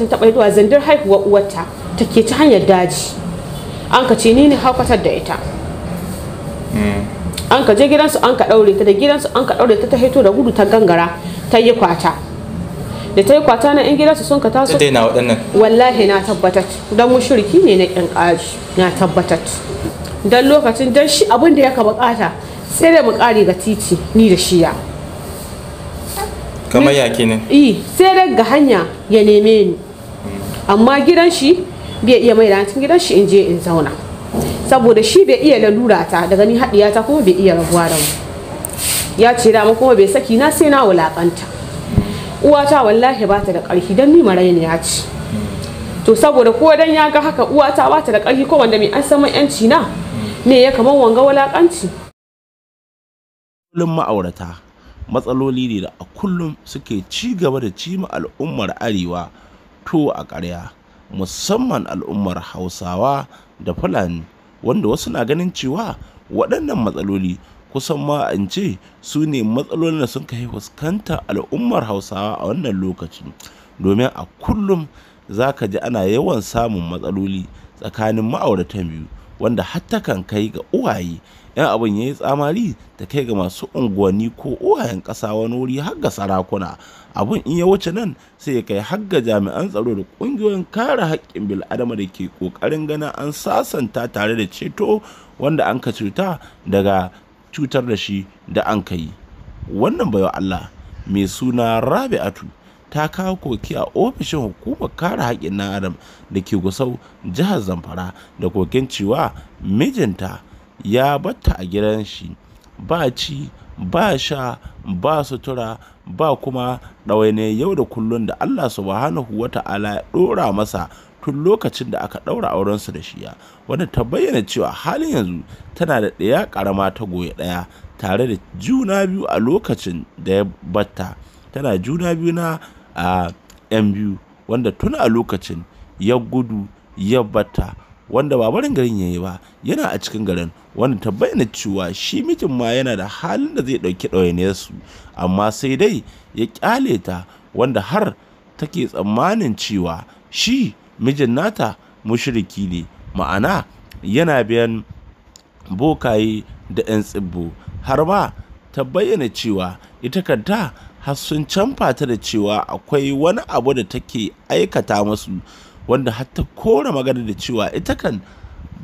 lokacin zuwa zandar haihuwar uwarta ta ke ta hanyar daji an ka ce ni ne haukatar da ita hmm. an ka je gidansu an ka ɗaure ta da gidansu an ka ɗaure ta ta hito da gudu ta gangara ta yi kwata da ta yi kwata na 'yan gidansu sun ka taso daina waɗannan wallahi na tabbatat don shirki ne na ƙin ƙaji na tabbatat don lokacin don shi abin da ya ka buƙata sai da mu ƙari ga titi ni da shi ya kamar yaƙi ne eh, sai daga hanya ya neme ni amma gidan shi bai iya mai da cikin gidan shi in je in zauna saboda shi bai iya lalura ta daga ni haɗiya ta kuma bai iya rabuwa da mu ya ce dama kuma bai saki na sai na wulakanta uwata wallahi ba ta da ƙarfi don ni marayin ya ci to saboda ko dan ya ga haka uwata ba ta da ƙarfi ko wanda mai an san yanci na me ya kamar wanga wulakanci kullum ma'aurata matsaloli ne da a kullum suke ci gaba da cima al'ummar arewa tuwo a ƙarya musamman al'ummar hausawa da fulani wanda wasu na ganin cewa waɗannan matsaloli kusan ma sune ce su ne matsalolin da sun kai fuskantar al'ummar hausawa a wannan lokaci domin a kullum za ka ji ana yawan samun matsaloli tsakanin ma'auratan biyu wanda hatta kan kai ga uwaye yan abin ya yi tsamari ta kai ga masu unguwanni ko ohayen ƙasa wani wuri har ga sarakuna abin in ya wuce nan sai ya kai har ga jami'an tsaro da ƙungiyoyin kare haƙƙin bil'adama da ke ƙoƙarin ganin an sasanta tare da ceto wanda an ka cuta daga cutar da shi da an ka yi wannan baiwa Allah mai suna rabi'atu ta kawo koki a ofishin hukumar kare haƙƙin ɗan adam da ke gusau jihar zamfara da kokin cewa mijinta ya batta a gidan shi, ba ci, ba sha, ba sutura, ba kuma ɗawaine yau da kullum da Allah Subhanahu wa ta'ala ya ɗora masa tun lokacin da aka ɗaura aurensu da shiya, Wanda ta bayyana cewa halin yanzu tana da ɗaya ƙarama ta goye ɗaya tare da juna biyu a lokacin da ya batta tana juna biyu na a biyu wanda tun a lokacin ya gudu ya batta wanda ba barin garin yi ba yana a cikin garin wanda ta bayyana cewa shi mijin ma yana da halin da zai ɗauki su amma sai dai ya ƙyale ta wanda har take tsammanin cewa shi mijin nata mushiriki ne ma'ana yana biyan bokaye da 'yan tsibbo har ma ta bayyana cewa ita kanta har sun canfa da cewa akwai wani abu da take aikata masu wanda hatta kora magana da cewa ita kan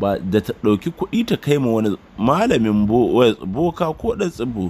ba da ta ɗauki kuɗi ta kai ma wani malamin boka ko ɗan tsibu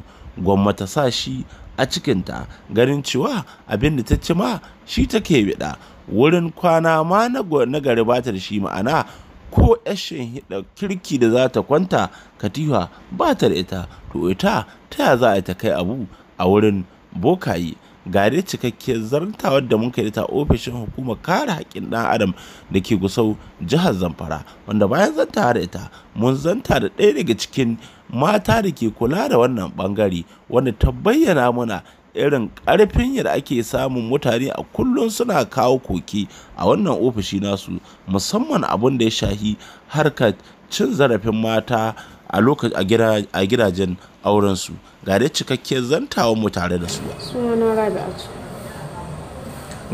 gwamnati sa shi a cikinta ganin cewa abin da ta ci ma shi take biɗa wurin kwana ma na gari ba da shi ma'ana ko yashin hida kirki da za ta kwanta katifa ba ta da ita to ita ta za a ta kai abu a wurin bokaye Gare cikakkiyar zartawar da muka yi ta ofishin hukumar kare haƙƙin ɗan adam da ke gusau jihar zamfara wanda bayan zanta da ita mun zanta da ɗaya daga cikin mata da ke kula da wannan ɓangare wanda ta bayyana mana irin ƙarfin yadda ake samun mutane a kullum suna kawo koke a wannan ofishi nasu musamman abin da ya shahi harkar cin zarafin mata a gidajen aurensu ga dai cikakkiyar zantawan mu tare da su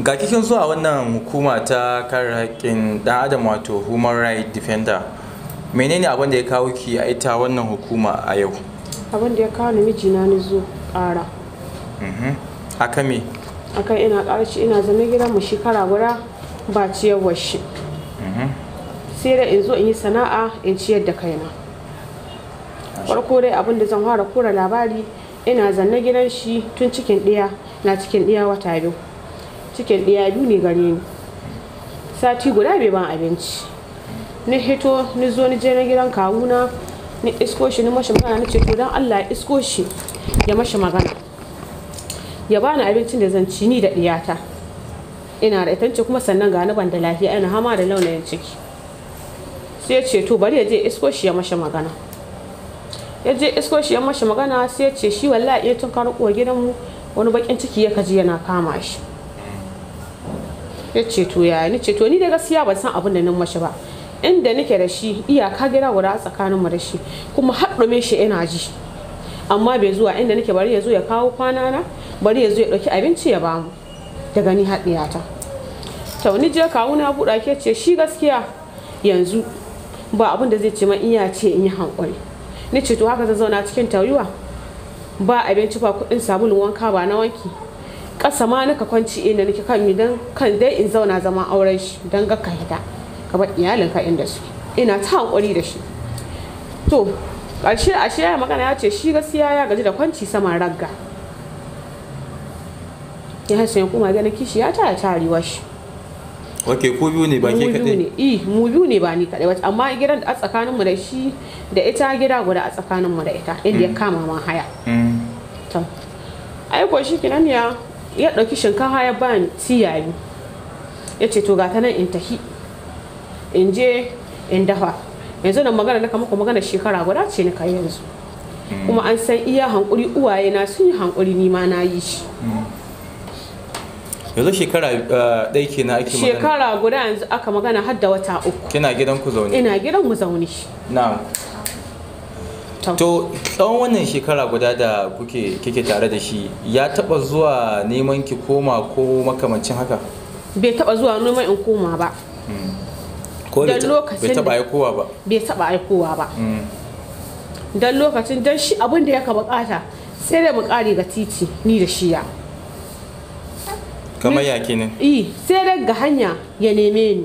ga kikin zuwa wannan hukuma ta kare haƙƙin dan adam wato human right defender menene abin da ya kawo ki a ita wannan hukuma a yau abin da ya kawo ni mijina ni zo ƙara mhm. haka me akan ina ƙarci ina zama gida mu shekara guda ba ciyarwar shi mhm. sai da in zo in yi sana'a in ciyar da kaina farko dai abin da zan fara kura labari ina zanne gidan shi tun cikin ɗaya na cikin ɗaya wata biyu cikin ɗaya biyu ne gare ni sati guda bai ban abinci ni hito ni zo ni je na gidan kawuna ni isko shi ni mashi magana ni ce to dan Allah ya isko shi ya mashi magana ya bani abincin da zan ci ni da ɗiyata ina da itance kuma sannan ga ni ban da lafiya ina hama da launayin ciki sai ya ce to bari ya je isko shi ya mashi magana ya je isko shi ya mashi magana sai ya ce shi wallahi ya tun gidan gidanmu wani bakin ciki ya kaji yana kama shi ya ce to yaya ni ce to ni da gaskiya ban san abin da nan mashi ba inda nake da shi iyaka gida guda tsakaninmu da shi kuma haɗume shi ina ji amma bai zuwa inda nake bari ya zo ya kawo kwana na bari ya zo ya ɗauki abinci ya bamu daga ni haɗiyata to ni je kawo na buɗa ke ce shi gaskiya yanzu ba abin da zai ce ma iya ce in yi hankali ni ce to haka zan zauna cikin tayuwa ba abinci ba kuɗin sabulun wanka ba na wanki ƙasa ma naka kwanci inda nake kan mi dan kan dai in zauna zama auren shi dan ga ka hita ka bar iyalinka inda su ina ta hankuri da shi to ƙarshe ashe ya magana ya ce shi gaskiya ya gaji da kwanci saman ragga ya hasa ya kuma ganin kishi ya tara tarewa shi ok ko biyu ne ba ke kaɗai eh, mu biyu ne ba ni kaɗai ba amma gidan da a tsakanin mu da shi da ita gida guda a tsakanin mu da ita inda ya mm. kama ma haya mm. to ai ko shi kinan ya ya ɗauki shinkafa ya ba ni tiyayi ya ce to gata nan in tahi in je in dafa yanzu nan magana na kama ku magana shekara guda ce ni kai yanzu mm. kuma an san iya hankuri uwaye na sun yi hankuri ni ma na yi shi yanzu shekara eh, ɗaya na ake magana shekara guda yanzu aka magana har da wata uku kina gidan ku zaune ina gidan mu zaune Na, to tsawon wannan shekara guda da kuke kike tare da shi ya taba zuwa neman ki koma ko makamancin haka bai taba zuwa neman in koma ba hmm. ko bai taba aikowa ba bai taba aikowa ba hmm. dan lokacin dan shi abin da yaka bukata sai da mu kare ga titi ni da ya kamar ya ne. eh sai daga hanya ya neme ni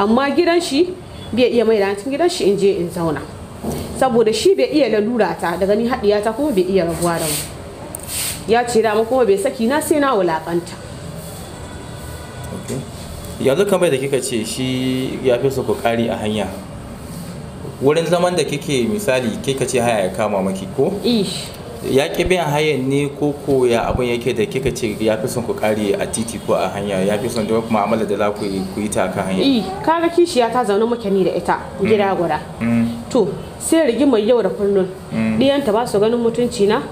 amma gidan shi bai iya mai da cikin gidan shi in je in zauna saboda shi bai iya lalura ta daga ni haɗiya ta kuma bai iya rabuwa da mu ya ce dama kuma bai saki na sai na wulakanta yanzu kamar da kika ce shi ya fi su kokari a hanya wurin zaman da kike misali kika ce haya ya kama maki ko? ish ya ƙi biyan hayan ne ko ko ya abin yake da kika ce ya fi son ku kare a titi ko a hanya ya fi son da kuma amala da za ku yi ta kan hanya eh kaga kishiya ta zaune muke ni da ita mm. gida gura mm. to sai rigimar yau da kullun diyanta mm. ba su ganin mutunci na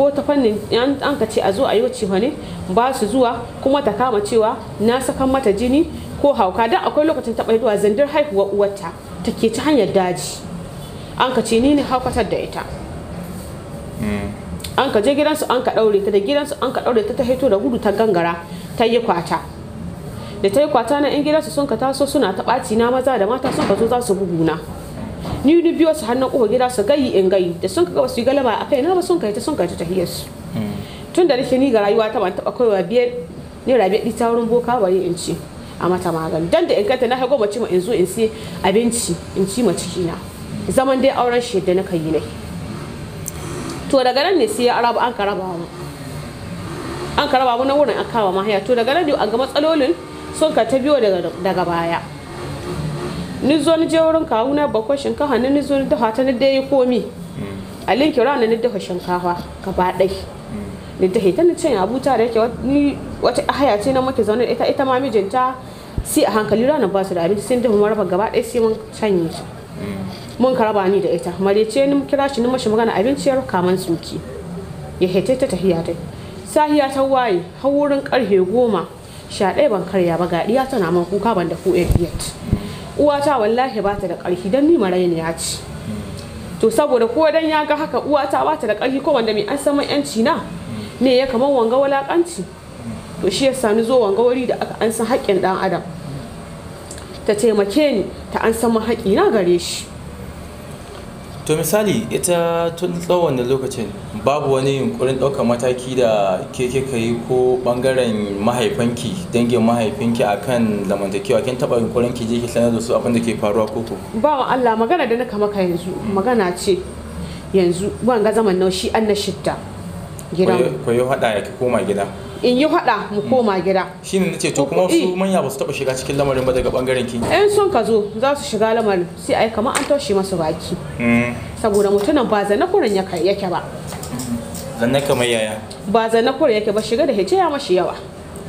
ko ta fannin an ka ce a zo a yi wuce ne ba su zuwa kuma ta kama cewa na saka mata jini ko hauka dan akwai lokacin taɓa zuwa zandar haihuwar uwarta take ta hanyar daji an ka ce ni ne haukatar da ita Mm. an ka je gidansu an ka daure ta da gidansu an ka daure ta ta haito da gudu ta gangara ta yi kwata da ta yi kwata na yan gidansu sun ka taso suna ta ɓaci na maza da mata sun ka zo za su bugu na ni ni biyo su hannun ƙofa gida su gayi in gayi da sun ka ga su galaba a kai na ba sun yi ta sun kai ta tahiyar su mm. tun da nake ni ga rayuwa ta ban taɓa kaiwa biyar ne rabe ta wurin boka bari in ci a mata magani dan da in kanta na hago mace ma in zo in sai abinci in ci ma ciki na zaman dai auren da na kai ne to daga nan ne sai ya araba an karaba mu an karaba mu na wurin an ma mahaya to daga nan ne an ga matsalolin sun ka ta biyo daga baya ni zo ni je wurin kawo na bakwa shinkafa ni ni zo ni dafa ta ni dai komi a linki rana ni dafa shinkafa gaba dai ni dafa ta ni cin abuta da yake wata haya ce na muke zaune ita ita ma mijinta sai a hankali rana ba su da abinci sun dafa marfa gaba ɗaya sai mun canye shi mun karaba ni da ita marece ni kira shi ni mashi magana abinciyar kaman tsuki ya hete ta tahiya dai sahiya ta waye har wurin karfe goma sha ɗaya ban karya ba ga ɗiya tana man kuka ban da ku uwata wallahi ba ta da ƙarfi dan ni ne ya ci. to saboda ko dan ya ga haka uwata ba ta da ƙarfi ko wanda mai an san yanci na me ya kamar wanga walakanci to shi ya ni zo wanga wuri da aka an san haƙƙin dan adam ta taimake ni ta an san haƙƙi na gare shi to misali ita tun tsawon lokacin babu wani yunkurin ɗaukar mataki da keke ka yi ko ɓangaren mahaifanki dangin mahaifinki akan zamantakewa kin taɓa yunkurin ki je ki sanar da su abin da ke faruwa koko ba Allah magana da naka maka yanzu magana ce yanzu ban ga zaman naushi shi an na shidda gidan koyo hada ya koma gida in yi hada mu koma gida ne nace to kuma eh. su manya ba su taba shiga cikin lamarin ba daga bangaren ki in sun ka zo za su shiga lamarin sai ai kamar an toshe masu baki mm. saboda mutunan ba zana kurin yake ba zanne kamar yaya ba zanne kurin yake ba shiga da hijiya mashi yawa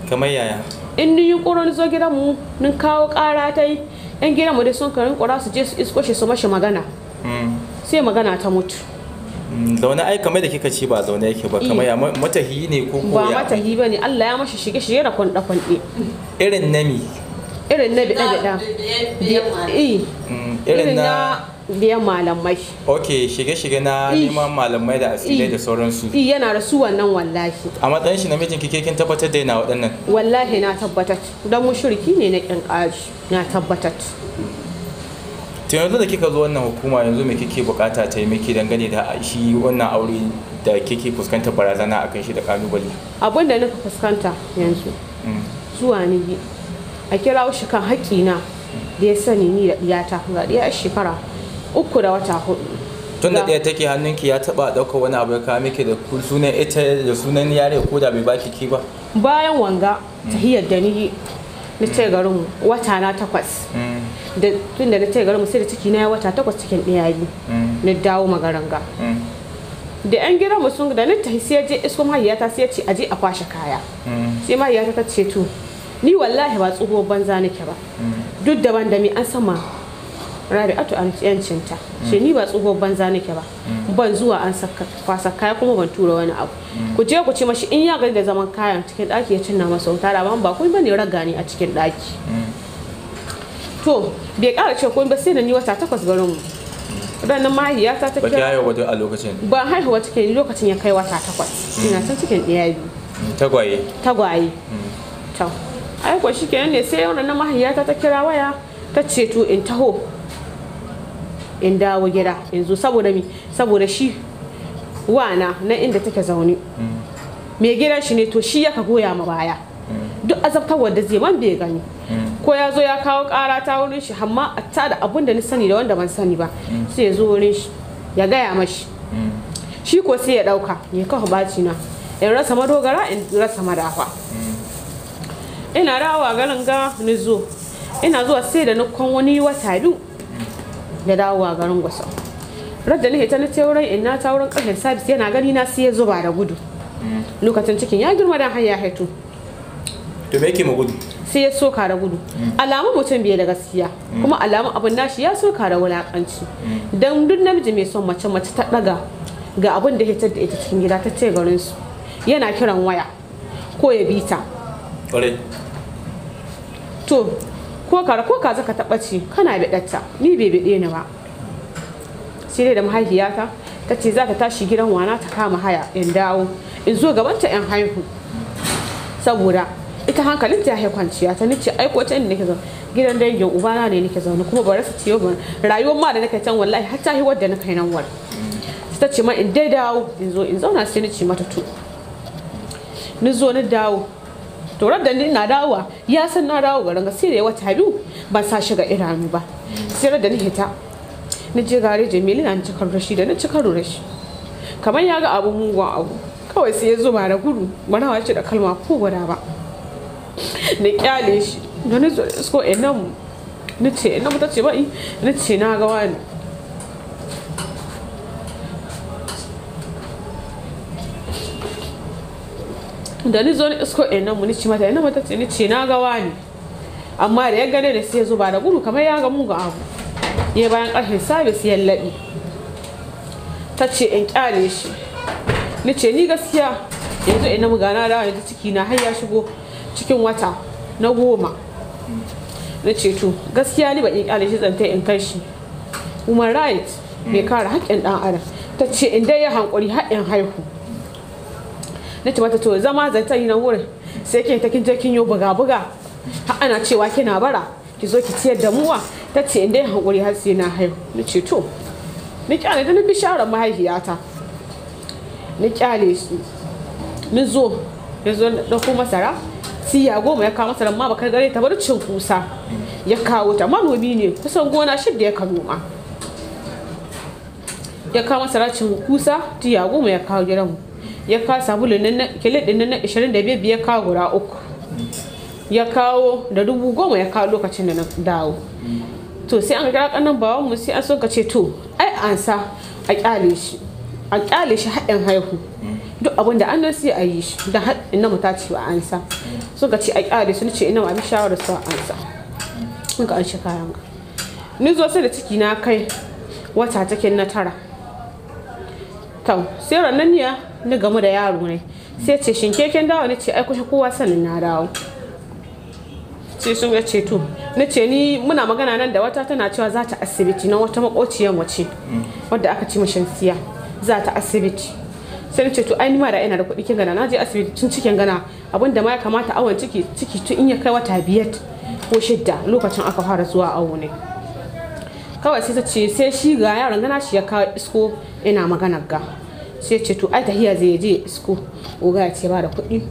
kamar yaya in ni yunkurin zo gidan mu nin kawo kara ta yi yan gidan mu dai sun karin kura su je su iskoshe shi su mashi magana mm. sai magana ta mutu Mm, zaune ai kamar da kika ce ba zaune yake ba kamar ya eh. matahi ne ko ko ba matahi bane Allah ya mashi shige shige da kwanda kwande irin nami irin na bida bida irin na biyan eh. mm, malamai ok shige-shige na eh. neman malamai da asilai da sauransu i yana da su wannan wallahi a matsayin shi namijin kike kin tabbatar da yana waɗannan wallahi na tabbatar don mushriki ne na kin na tabbatar to yanzu da kika zo wannan hukuma yanzu me kike bukata ta yi miki dangane da shi wannan aure da kike fuskanta barazana a kan shi da kalubale abin da nuka fuskanta yanzu mm. zuwa ni a kira shi kan hakina da ya sani ni da ɗiyata ga ɗiya shekara uku da wata hudu tun da ɗaya take hannun ki ya taɓa ɗauka wani abu ya kawo miki da sunan ita da sunan yare ko da bai baki ki ba bayan wanga mm. ta hiyar da ni na ce garin wata na takwas mm. da tun da na ce garin sai da ciki na ya wata takwas cikin ɗiyayi. Mm. na dawo magaranga mm. da yan gidan mu sun da na ta sai je isko mahaiyata sai ce aje a kwashe kaya mm. sai mahaiyata ta ce to ni wallahi ba tsohuwar banza nake ba duk da ban mi an sama rabi'atu an yancinta shi ni ba tsohuwar banza nake ba ban zuwa an saka kwasa kaya kuma ban tura wani abu ku je ku ce mashi in ya gani da zaman kayan cikin daki ya cinna masa wuta da ba kuma bane ne ragani a cikin daki to bai ƙara cewa komai ba sai da ni wata takwas garin mu. ranar mahaifiyata ta kira ba haihuwa a lokacin ba haihuwa cikin lokacin ya kai wata takwas mm. ina ta cikin ɗaya mm, tagwaye tagwaye mm. to ai ko kenan ne sai ranar mahaifiyata ta kira waya ta ce to in taho in dawo gida yanzu saboda mi saboda shi wana na inda take zaune mai gidan shi ne to shi yaka goya ma baya duk azabtarwar da zai man bai gani ko ya zo ya kawo ƙara ta wurin shi amma a ta da abun da ni sani da wanda ban sani ba sai ya zo wurin shi ya gaya mashi shi ko sai ya ɗauka ya kawo baci na in rasa madogara in rasa madafa ina rawa garin ga ni zo ina zuwa sai da nukon wani wata biyu da dawowa garin gwasa radda nake ta na ce wurin in na ta wurin ƙarfin sabis yana gani na sai ya zuba da gudu lokacin cikin ya girma da hanya haitu to me yake ma gudu sai ya soka da gudu alamu mutum bai da gaskiya kuma alamun abun nashi ya soka da wulakanci dan duk namiji mai son mace mace ta daga ga abun da hitar da ita cikin gida ta ce garin su yana kiran waya ko ya bi ta to ko kara ko kaza ka taba ci kana bidatta ni bai bide ni ba sai dai da mahaifiyata ta ce za ta tashi gidan wana ta kama haya in dawo in zo gaban ta in haihu saboda ita hankalin ta ya kwanciya ta nace ai ko ta inda nake zaune gidan dangin uba na ne nake zaune kuma ba rasa ciyo ba rayuwar ma da nake can wallahi har ta hiwar da na kai nan war ta ce ma in dai dawo in zo in zauna sai nace mata to ni zo ni dawo to da ni na dawowa ya san na dawo garin gaske da wata biyu ban sa shiga irami ba sai da ni hita ni je gare jamilu na cikar rashi da na cikar rashi kamar ya ga abun mugun abu kawai sai ya zuba da gudu bana wace da kalma ko guda ba na kyale shi da na zo isko ina mu na ce ina ta ce bai na ce na ga wani da ni zo isko ina mu ni ce mata ina mu ta ce ni ce na ga wani amma da ya gane da sai ya zo ba da gudu kamar ya ga mu ga abu ya bayan ƙarfin sabis ya laɓi ta ce in kyale shi ni ce ni gaskiya yanzu ina mu gana da wani ciki na har ya shigo cikin wata na goma na ceto gaskiya ni ba in shi zanta in kai shi human right mai kare haƙƙin ɗan adam ta ce in dai ya hankuri haƙƙin haihu na ce mata to zama zanta yi na wurin sai ke ta kin yo buga buga har ana cewa kina bara ki zo ki ciyar da muwa ta ce in dai hankuri har sai na haihu na ce to ni kyale da na bi shawarar mahaifiyata ni kyale shi ni zo ya zo ɗauko masara siya goma ya kawo masa ran ma bakar gare ta bar cin kusa ya kawo ta manomi ne kusan gona shidda ya kawo noma ya kawo masa racin kusa tiya goma ya kawo gidan ya kawo sabulu kele din na 25 ya kawo guda uku ya kawo da dubu goma ya kawo lokacin da na dawo to sai an ga kanan bawan mu sai an so ka ce to ai ansa a kyale shi a kyale shi haɗin haihu duk abin da an sai a yi shi don ina mu ta ce ba an sa ga ci a kyale sun ce ina ma bi shawarar su an sa sun ka an shi kayan ka ni zo sai da ciki na kai wata take na tara to sai ranan ya ni gamu da yaro ne sai ce shi keken dawo na ce ai kusa kowa sanin na dawo sai sun ya ce to na ce ni muna magana nan da wata tana cewa za ta asibiti na wata makociyar mace mm. wadda aka ci mashin siya za ta asibiti sai na ce to ai ma da ina da kuɗi kin gana na je asibiti tun cikin gana da ma ya kamata awon ciki ciki tun in ya kai wata biyar ko shidda lokacin aka fara zuwa awo ne kawai sai ta ce sai shi ga yaron gana shi ya kawo isko ina magana ga sai ce to ai tahiya zai je isko oga ya ce ba da kuɗi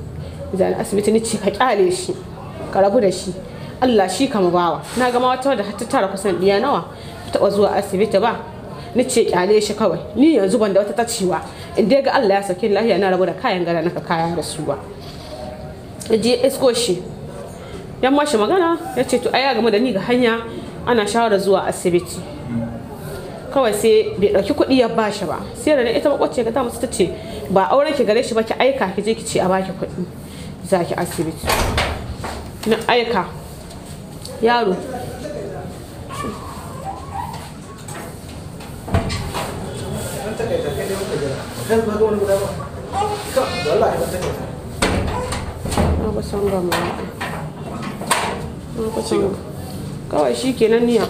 zan asibiti ni ce ka kyale shi ka rabu da shi Allah shi kama bawa na gama wata da ta tara kusan ɗiya nawa ta taɓa zuwa asibiti ba ni ce kyale shi kawai ni yanzu ban da wata tacewa in dai ga Allah ya saki lafiya na rabu da kayan gara naka kaya da su ba. je isko shi ya mashi magana ya ce to ai ya game da ni ga hanya ana shawara zuwa asibiti kawai sai bai ɗauki kuɗi ya ba shi ba sai da ita makwace ga ta musu tace ba auren ki gare shi ba ki aika ki je ki ce a baki kuɗi za ki asibiti na aika yaro na kusan gama na kusan kawai shi kenan niya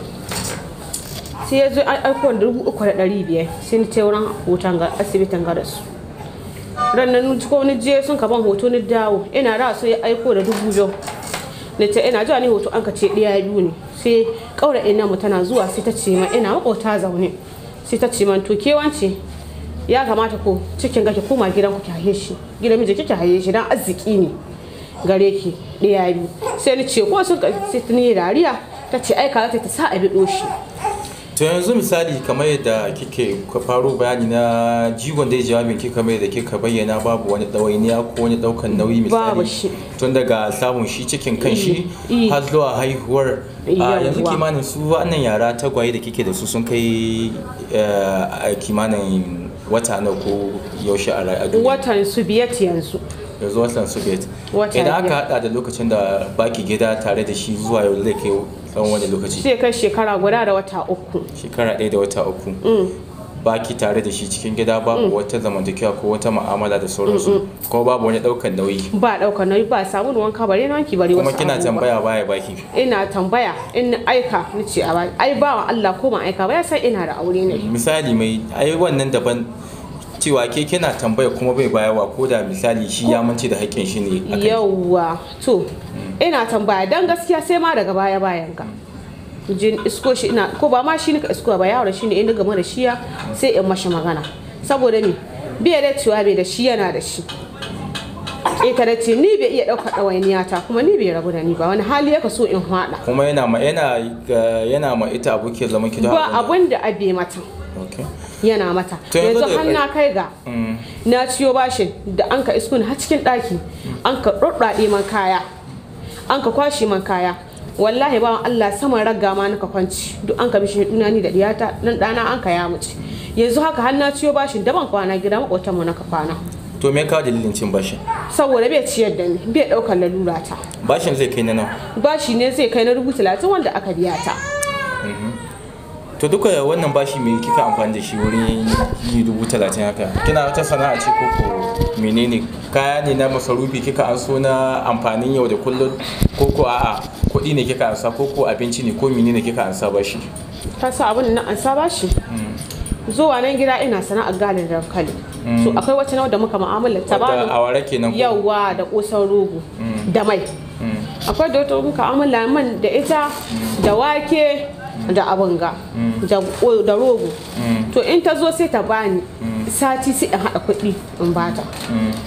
sai ya zo aikon dubu uku da ɗari biyar sai ni ta wurin hoton asibitin garasu rannan ko ni je sun ka ban hoto ni dawo ina ra so ya aiko da dubu biyu ni ta ina jiwa ni hoto an ka ce ɗaya biyu ne sai ƙaura ina mu tana zuwa sai ta ce ma ina maƙota zaune sai ta ce ma to ke wance ya kamata ku cikin gashi kuma koma gidan ku ki haye shi gidan miji kike haye shi dan arziki ne gare ki ɗaya biyu sai ni ce ko sun sai ta ni dariya ta ce aika zata ta sa a biɗo shi to yanzu misali kamar yadda kike faro bayani na jigon dai jawabin ki kamar yadda kika bayyana babu wani ɗawainiya ko wani ɗaukan nauyi misali tun daga samun shi cikin kan shi mm, mm. har zuwa haihuwar yanzu kimanin su wannan yara tagwaye da kike da su sun kai eh, kimanin wata na ko yaushe a a duniya watan biyat yanzu yanzu watan biyat idan aka hada da lokacin da baki gida tare da shi zuwa yau zai kai tsawon wani lokaci sai kai shekara guda da wata uku shekara ɗaya da wata uku mm. baki tare da shi cikin gida babu mm. wata zamantakewa ko wata mu'amala da sauransu kuma babu wani daukan nauyi ba daukan nauyi ba samu ruwan wanka bare na wanki bare wasu kuma kina tambaya baya baki ina tambaya in aika nace a baki ai ba wa Allah ko ma aika ba ya san ina da aure ne misali mai ai wannan daban cewa ke kina tambaya kuma bai bayawa ko da misali shi ya mance da haƙƙin shi ne yawwa to mm. ina tambaya dan gaskiya sai ma daga baya bayan ka mm. je isko shi ina ko ba ma shi ka isko ba yaro shi ne in game da shiya sai in mashi magana saboda ni biya da cewa bai da shi yana da shi eh, ta ce ni bai iya ɗaukar ɗawainiya ta kuma ni bai rabu da ni ba wani hali ya so in haɗa kuma yana ma yana yana ma ita abu ke zama ki ba abun da abe mata yana mata yanzu har na kai ga mm. na ciyo bashin da an ka iskun har cikin ɗaki an ka ɗaɗɗaɗe man kaya an ka kwashe man kaya wallahi bawa Allah saman ragga ma naka kwanci duk an ka bishi ni da diyata nan dana an ka ya muci yanzu haka har na ciyo bashin daban kwana gida makwatan mu naka kwana to me ka dalilin cin bashin saboda bai ciyar da ni bai daukar lalura ta bashin zai kai na nawa bashi ne zai kai na rubuta talatin wanda aka biya ta to duka wannan bashi mai kika amfani da shi wurin yi dubu talatin haka kina wata sana'a ce ko ko menene kaya ne na masarufi kika an so na amfanin yau da kullum ko ko a'a kuɗi ne kika ansa ko ko abinci ne ko menene kika ansa bashi ka sa abin na ansa bashi hmm. zuwa nan gida ina sana'ar galin dankali so hmm. akwai wata nawa da muka mu'amala ta ba yawa da kosan rogo hmm. da mai akwai da wata muka mu'amala man da ita da wake Mm. da abin ga mm. da rogo mm. to in ta zo sai ta bani sati sai in haɗa kuɗi in bata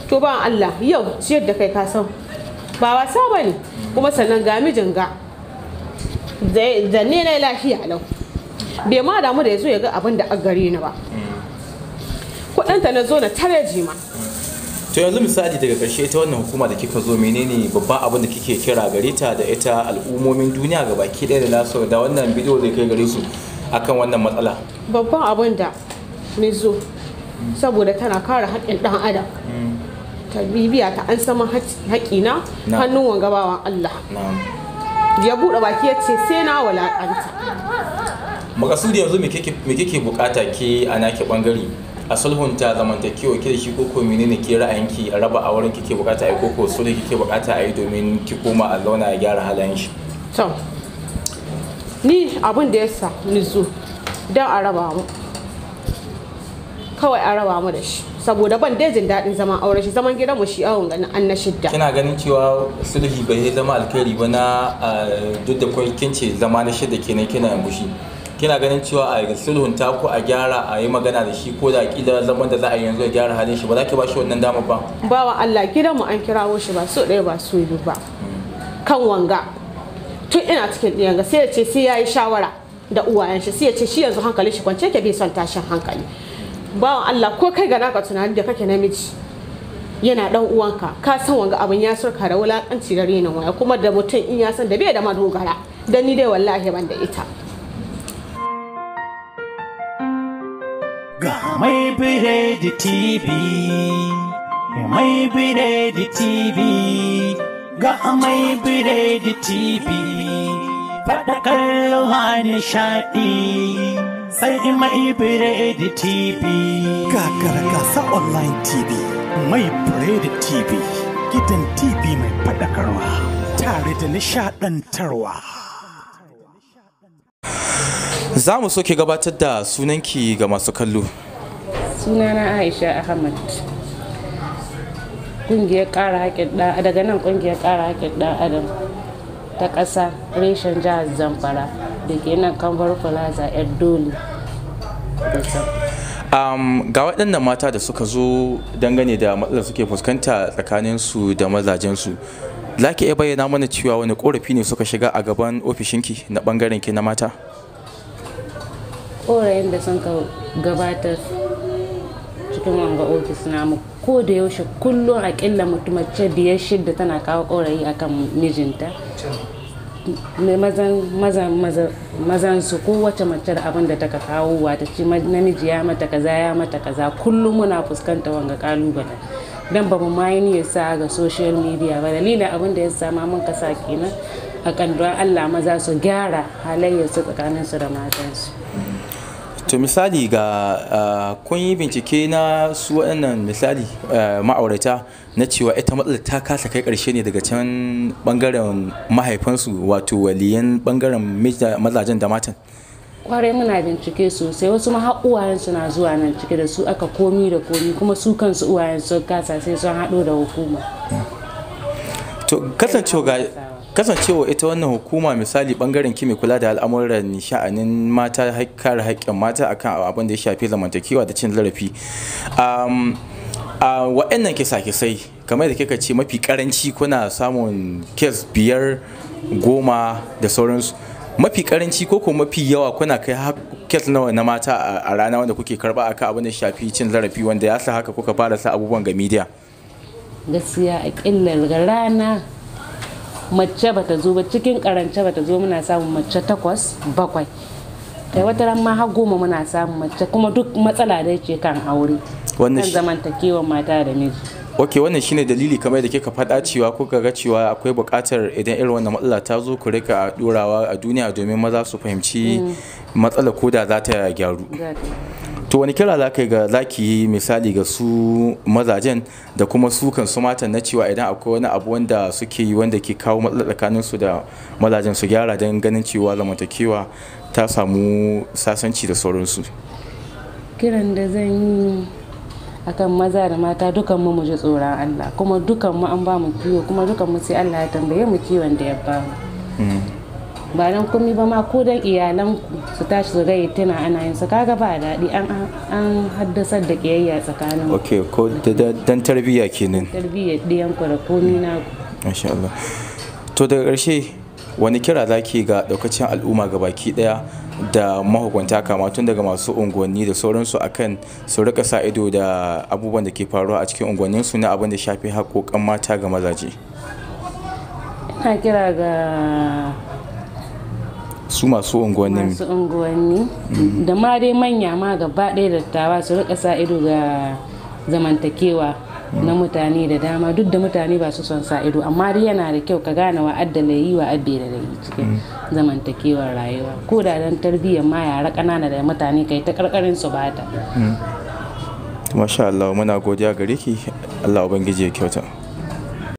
to ba Allah yau ciyar da kai ka san ba wasa ba ne kuma sannan ga mijin ga da ne na lafiya lau bai ma mu da ya zo ya ga abin da a gare ni ba kuɗinta na zo na tare jima to yanzu misali daga karshe ta wannan hukuma da kika zo menene babban abin da kike kira gare ta da ita al'ummomin duniya ga baki ɗaya da nasu da wannan bidiyo zai kai gare su akan wannan matsala babban abin da ni zo saboda tana kare haƙƙin ɗan adam ta bibiya ta an sama haƙƙina hannun wangabawan Allah ya buɗe baki ya ce sai na walaƙanta makasudi yanzu me kike bukata ke a ke bangare a sulhunta zamantakewa ke da shi koko menene ke ra'ayinki raba a wurin kike bukata a yi koko da kike bukata a yi domin ki koma a zauna a gyara halayen shi to ni abin da ya sa ni zo don a raba mu kawai a raba mu da shi saboda ban dai jin daɗin zaman auren shi zaman gidanmu shi awon ganin an na shidda kina ganin cewa sulhi bai zama alkhairi ba na eh, duk da kun kince zama na shidda kenan kina mushi kina ganin cewa a ta ko a gyara a yi magana da shi ko da kila zaman da za a yi yanzu ya gyara halin shi ba za ki ba shi wannan dama ba wa Allah gidan mu an kirawo shi ba so ɗaya ba so biyu ba kan wanga tun ina cikin ɗiyan ga sai ya ce sai ya yi shawara da uwayen shi sai ya ce shi yanzu hankalin shi kwance ke bai son tashin hankali bawan Allah ko kai ga naka tunani da kake namiji yana dan uwanka ka san wanga abin ya surka da wulakanci da rena waya kuma da mutum in ya san da bai da madogara dan ni dai wallahi ban da ita Mai Biredi TV, Mai Biredi TV, ga Mai Biredi TV, faɗakar ruhani shaɗi. Sai Mai Biredi TV. Kakara gasa online TV, Mai Biredi TV, gidan TV mai faɗakarwa, tare da nishaɗantarwa. za mu so ki gabatar da sunanki ga masu kallo sunana aisha ahmad kungiyar kara haƙin ɗan daga nan kungiyar kara haƙƙin ɗan adam ta ƙasa reshen jihar zamfara da ke nan kambar plaza ƴar dole um, ga waɗannan mata da suka zo dangane da matsalar suke fuskanta tsakanin su da mazajensu za ki iya bayyana mana cewa wani korafi ne suka shiga a gaban ofishinki na ɓangaren na mata korayen da sun gabatar cikin wanga ofis namu ko da yaushe kullum a akilla mace biyar shidda tana kawo korayi akan mijinta mazan su ko wacce mace da abin da ta kawo wata ce namiji ya mata kaza ya mata kaza kullum muna fuskanta wanga kalubale dan ba mu ma yi sa ga social media ba dalilin abin da ya sama mun kasa kenan kan don Allah maza su gyara halayyar su tsakanin su da matansu. to misali ga kun yi bincike na su waɗannan misali ma'aurata na cewa ita matsalar ta kasa kai ƙarshe ne daga can bangaren mahaifansu wato waliyan bangaren mazajen da matan kwarai muna bincike sosai wasu ma uwayen na zuwa nan cike da su aka komi da komi kuma su kansu uwayen sun kasa sai sun haɗo da hukuma to kasancewa kasancewa ita wannan hukuma misali bangaren ki mai kula da al'amuran sha'anin mata kare haƙƙin mata akan abin da ya shafi zamantakewa da cin zarafi a waɗannan kisa-kisai kamar da kika ce mafi karanci kuna samun kes biyar goma da sauransu mafi karanci ko kuma mafi yawa kuna kai kes nawa na mata a rana wanda kuke karba akan abin da ya shafi cin zarafi wanda ya sa haka kuka fara sa abubuwan ga media gaskiya a rana mace bata zo ba cikin karance bata zo muna samun mace takwas bakwai da wata ran ma har goma muna samun mace kuma duk matsala dai ce kan aure kan zamantakewa mata da miji ok wannan shine dalili kamar da kika faɗa cewa ko ga cewa akwai bukatar idan irin wannan matsala ta zo ku rika dorawa a duniya domin maza su fahimci mm. matsala ko da za ta gyaru to wani kira za ka yi misali ga su mazajen da kuma su kan su matan na cewa idan akwai wani abu wanda suke yi wanda ke kawo matsala tsakanin su da mazajen su gyara don ganin cewa zamantakewa ta samu sasanci da sauransu kiran da zan yi akan maza da mata dukan mu mu ji tsoron Allah kuma dukan mu an ba mu kiwo kuma dukan mu sai Allah ya tambaye mu kiwon da ya ba mm. ba nan komi ba ma ko dan iyalan su tashi su gaya tana ana yin su kaga ba daɗi an an haddasar da kiyayya tsakanin ok ko dan tarbiyya kenan tarbiyya ɗiyan ku da komi na insha Allah to daga ƙarshe wani kira zaki ga ɗaukacin al'umma ga baki daya da mahukunta kama tun daga masu unguwanni da sauransu akan su rika sa ido da abubuwan da ke faruwa a cikin unguwanninsu na abin da shafi haƙoƙan mata ga mazaje ina kira ga su masu unguwanni masu unguwanni mm-hmm. da ma dai manya ma gaba ɗaya dattawa su rika sa ido ga zamantakewa mm-hmm. na mutane da dama duk da mutane ba su son sa ido amma dai yana da kyau ka gane wa adda layi wa abbe da layi cikin mm-hmm. zamantakewar rayuwa ko da dan tarbiyyar ma yara ƙanana da mutane kai ta karkarin su ta. masha Allah muna godiya gare ki Allah ubangiji ya kyauta